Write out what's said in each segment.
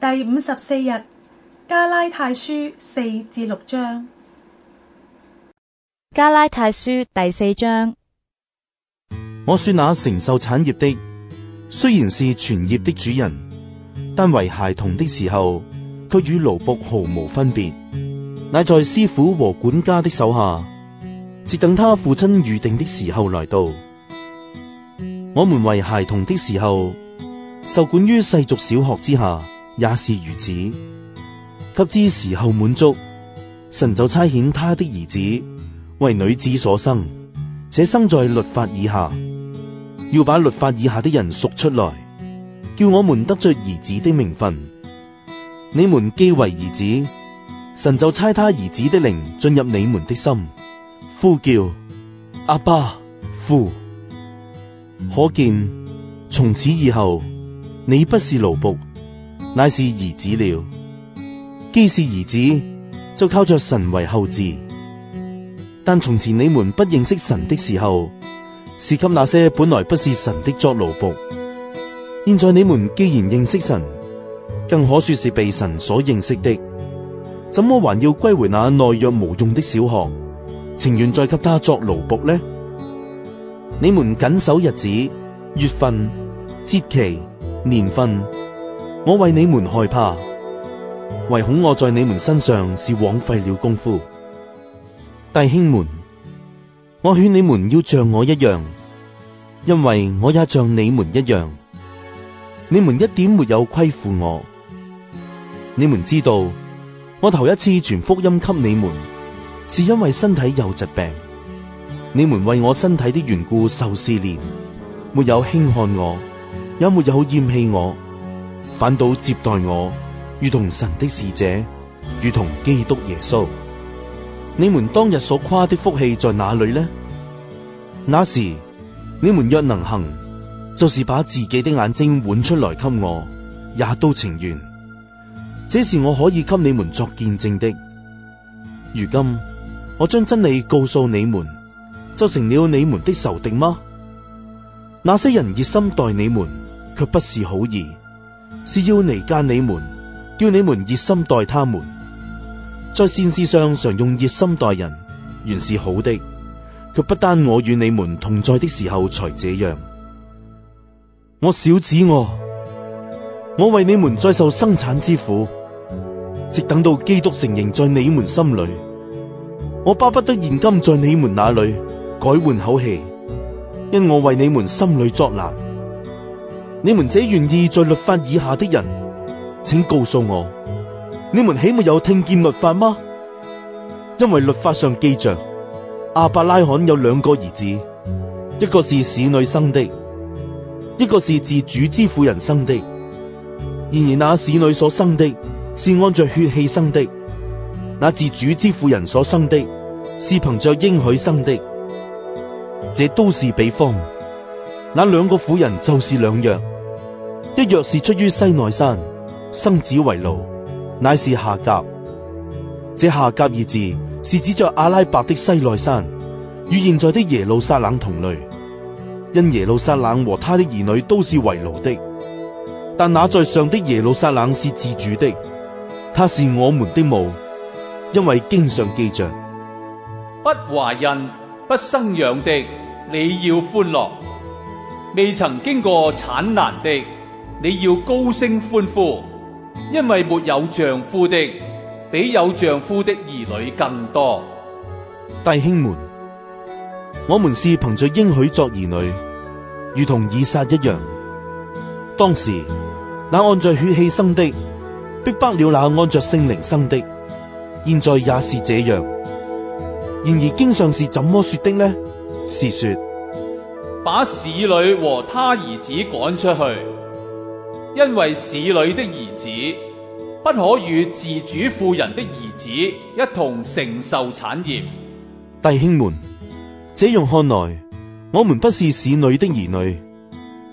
第五十四日，加拉太書四至六章。加拉太書第四章。我說那承受產業的，雖然是全業的主人，但為孩童的時候，却與奴僕毫無分別，乃在師傅和管家的手下，直等他父親預定的時候來到。我們為孩童的時候，受管於世俗小學之下。也是如此，及之時候滿足，神就差遣他的兒子，為女子所生，且生在律法以下，要把律法以下的人贖出來，叫我們得着兒子的名分。你們既為兒子，神就差他兒子的靈進入你們的心，呼叫阿爸父。可見從此以後，你不是奴僕。乃是兒子了，既是兒子，就靠着神為後嗣。但從前你們不認識神的時候，是給那些本來不是神的作奴僕。現在你們既然認識神，更可說是被神所認識的，怎麼還要歸回那懦弱無用的小學，情願再給他作奴僕呢？你們謹守日子、月份、節期、年份。我為你們害怕，唯恐我在你們身上是枉費了功夫。弟兄們，我勸你們要像我一樣，因為我也像你們一樣。你們一點沒有虧負我，你們知道我頭一次傳福音給你們，是因為身體有疾病。你們為我身體的緣故受試煉，沒有輕看我，也沒有厭棄我。反倒接待我，如同神的使者，如同基督耶穌。你們當日所誇的福氣在哪裏呢？那時你們若能行，就是把自己的眼睛換出來給我，也都情願。這是我可以給你們作見證的。如今我將真理告訴你們，就成了你們的仇敵嗎？那些人熱心待你們，卻不是好意。是要離間你們，叫你們熱心待他們。在善事上常用熱心待人，原是好的。卻不單我與你們同在的時候才這樣。我小子我，我為你們再受生產之苦，直等到基督成形在你們心裏。我巴不得現今在你們那裏改換口氣，因我為你們心裏作難。你們這願意在律法以下的人，請告訴我，你們豈沒有聽見律法嗎？因為律法上記着，亞伯拉罕有兩個兒子，一個是使女生的，一個是自主之婦人生的。然而那使女所生的，是按着血氣生的；那自主之婦人所生的，是憑着應許生的。這都是比方，那兩個婦人就是兩樣。一若是出於西奈山，生子為奴，乃是夏甲。這夏甲二字是指着阿拉伯的西奈山，與現在的耶路撒冷同類。因耶路撒冷和他的兒女都是為奴的，但那在上的耶路撒冷是自主的，他是我們的母，因為經上記着不懷孕、不生養的，你要歡樂；未曾經過產難的。你要高聲歡呼，因為沒有丈夫的比有丈夫的兒女更多。弟兄們，我們是憑着應許作兒女，如同以撒一樣。當時那按着血氣生的，逼不了那按着聖靈生的，現在也是這樣。然而經上是怎麼說的呢？是說把使女和她兒子趕出去。因為使女的兒子不可與自主婦人的兒子一同承受產業，弟兄們，這樣看來，我們不是使女的兒女，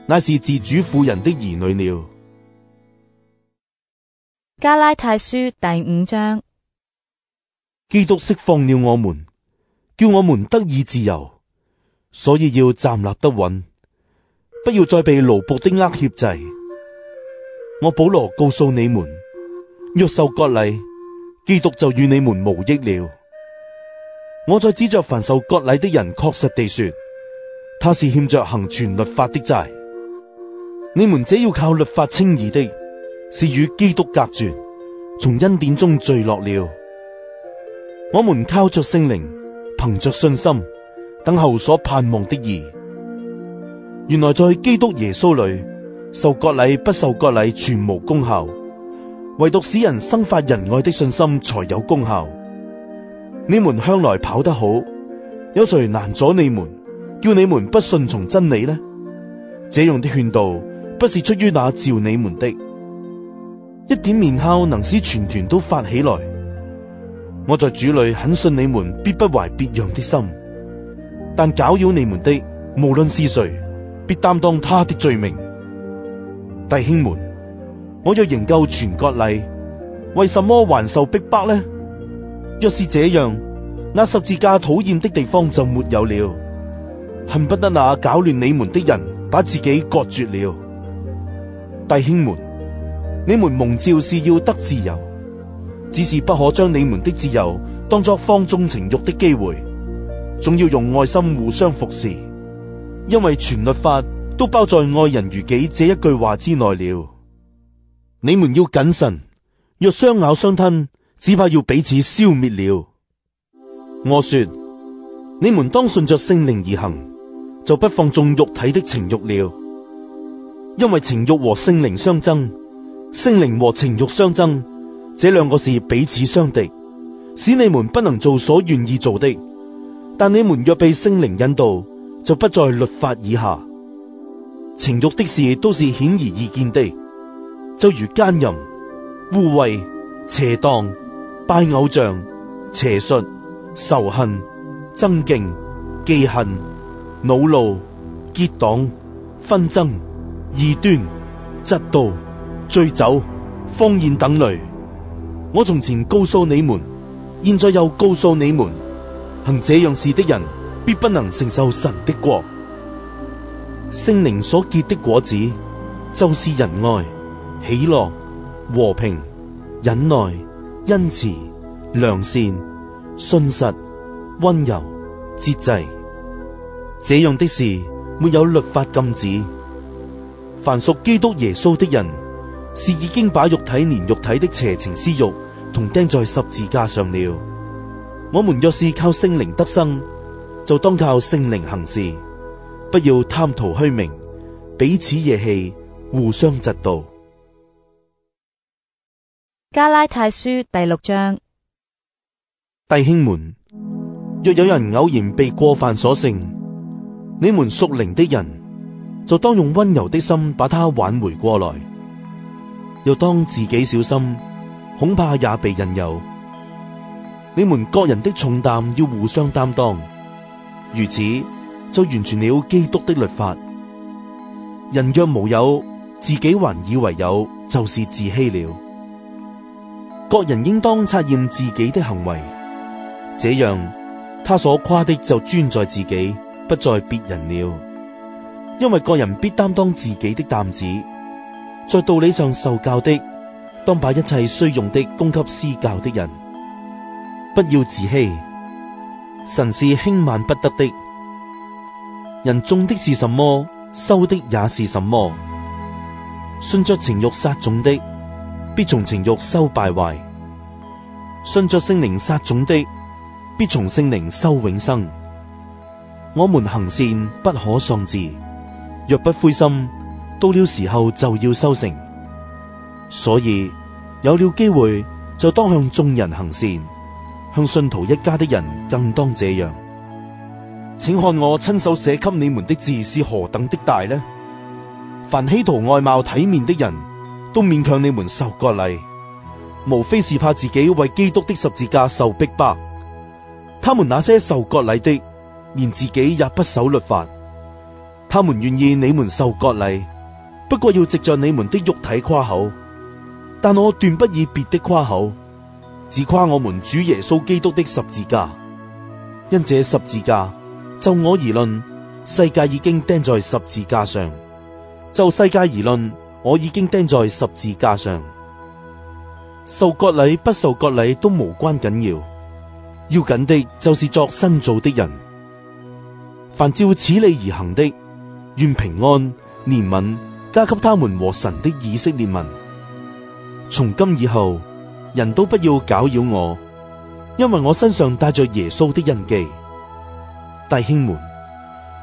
乃是自主婦人的兒女了。加拉太書第五章，基督釋放了我們，叫我們得以自由，所以要站立得穩，不要再被奴僕的軛挾制。我保羅告訴你們，若受割禮，基督就與你們無益了。我在指着凡受割禮的人，確實地說，他是欠着行全律法的債。你們只要靠律法稱義的，是與基督隔絕，從恩典中墜落了。我們靠着聖靈，憑着信心，等候所盼望的義。原來在基督耶穌裏。受割禮不受割禮全無功效，唯獨使人生發仁愛的信心才有功效。你們向來跑得好，有誰攔阻你們？叫你們不順從真理呢？這樣的勸導不是出於那召你們的。一點麵酵能使全團都發起來。我在主裏很信你們，必不懷別樣的心。但攪擾你們的無論是誰，必擔當他的罪名。弟兄們，我若仍救全國例，為什麼還受逼迫呢？若是這樣，那十字架討厭的地方就沒有了。恨不得那搞亂你們的人把自己割絕了。弟兄們，你們蒙召是要得自由，只是不可將你們的自由當作放縱情慾的機會，仲要用愛心互相服侍，因為全律法。都包在愛人如己這一句話之內了。你們要謹慎，若相咬相吞，只怕要彼此消滅了。我說：你們當順着聖靈而行，就不放縱肉體的情欲了。因為情欲和聖靈相爭，聖靈和情欲相爭，這兩個是彼此相敵，使你們不能做所願意做的。但你們若被聖靈引導，就不在律法以下。情慾的事都是顯而易見的，就如奸淫、污穢、邪蕩、拜偶像、邪術、仇恨、爭競、忌恨、惱怒、結黨、紛爭、異端、嫉妒、醉酒、荒宴等類。我從前告訴你們，現在又告訴你們，行這樣事的人，必不能承受神的國。聖靈所結的果子，就是仁愛、喜樂、和平、忍耐、恩慈、良善、信實、温柔、節制。這樣的事沒有律法禁止。凡屬基督耶穌的人，是已經把肉體連肉體的邪情私慾同釘在十字架上了。我們若是靠聖靈得生，就當靠聖靈行事。不要貪圖虛名，彼此惹氣，互相嫉妒。加拉太書第六章，弟兄們，若有人偶然被過犯所勝，你們屬靈的人就當用温柔的心把他挽回過來，又當自己小心，恐怕也被引誘。你們各人的重擔要互相擔當，如此。就完全了基督的律法。人若無有，自己還以為有，就是自欺了。各人應當察驗自己的行為，這樣他所誇的就專在自己，不在別人了。因為各人必擔當自己的擔子。在道理上受教的，當把一切需用的供給施教的人。不要自欺，神是輕慢不得的。人種的是什麼，收的也是什麼。信着情欲殺種的，必從情欲收敗壞；信着聖靈殺種的，必從聖靈收永生。我們行善不可喪志，若不灰心，到了時候就要收成。所以有了機會，就當向眾人行善，向信徒一家的人更當這樣。請看我親手寫給你們的字是何等的大呢？凡希圖外貌體面的人都勉強你們受割禮，無非是怕自己為基督的十字架受逼迫。他們那些受割禮的，連自己也不守律法。他們願意你們受割禮，不過要藉着你們的肉體誇口。但我斷不以別的誇口，只誇我們主耶穌基督的十字架，因這十字架。就我而論，世界已經釘在十字架上；就世界而論，我已經釘在十字架上。受割禮不受割禮都無關緊要，要緊的就是作新造的人。凡照此理而行的，願平安、憐憫加給他們和神的以色列民。從今以後，人都不要攪擾我，因為我身上帶着耶穌的印記。弟兄們，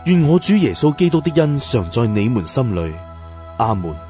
願我主耶穌基督的恩常在你們心裏，阿門。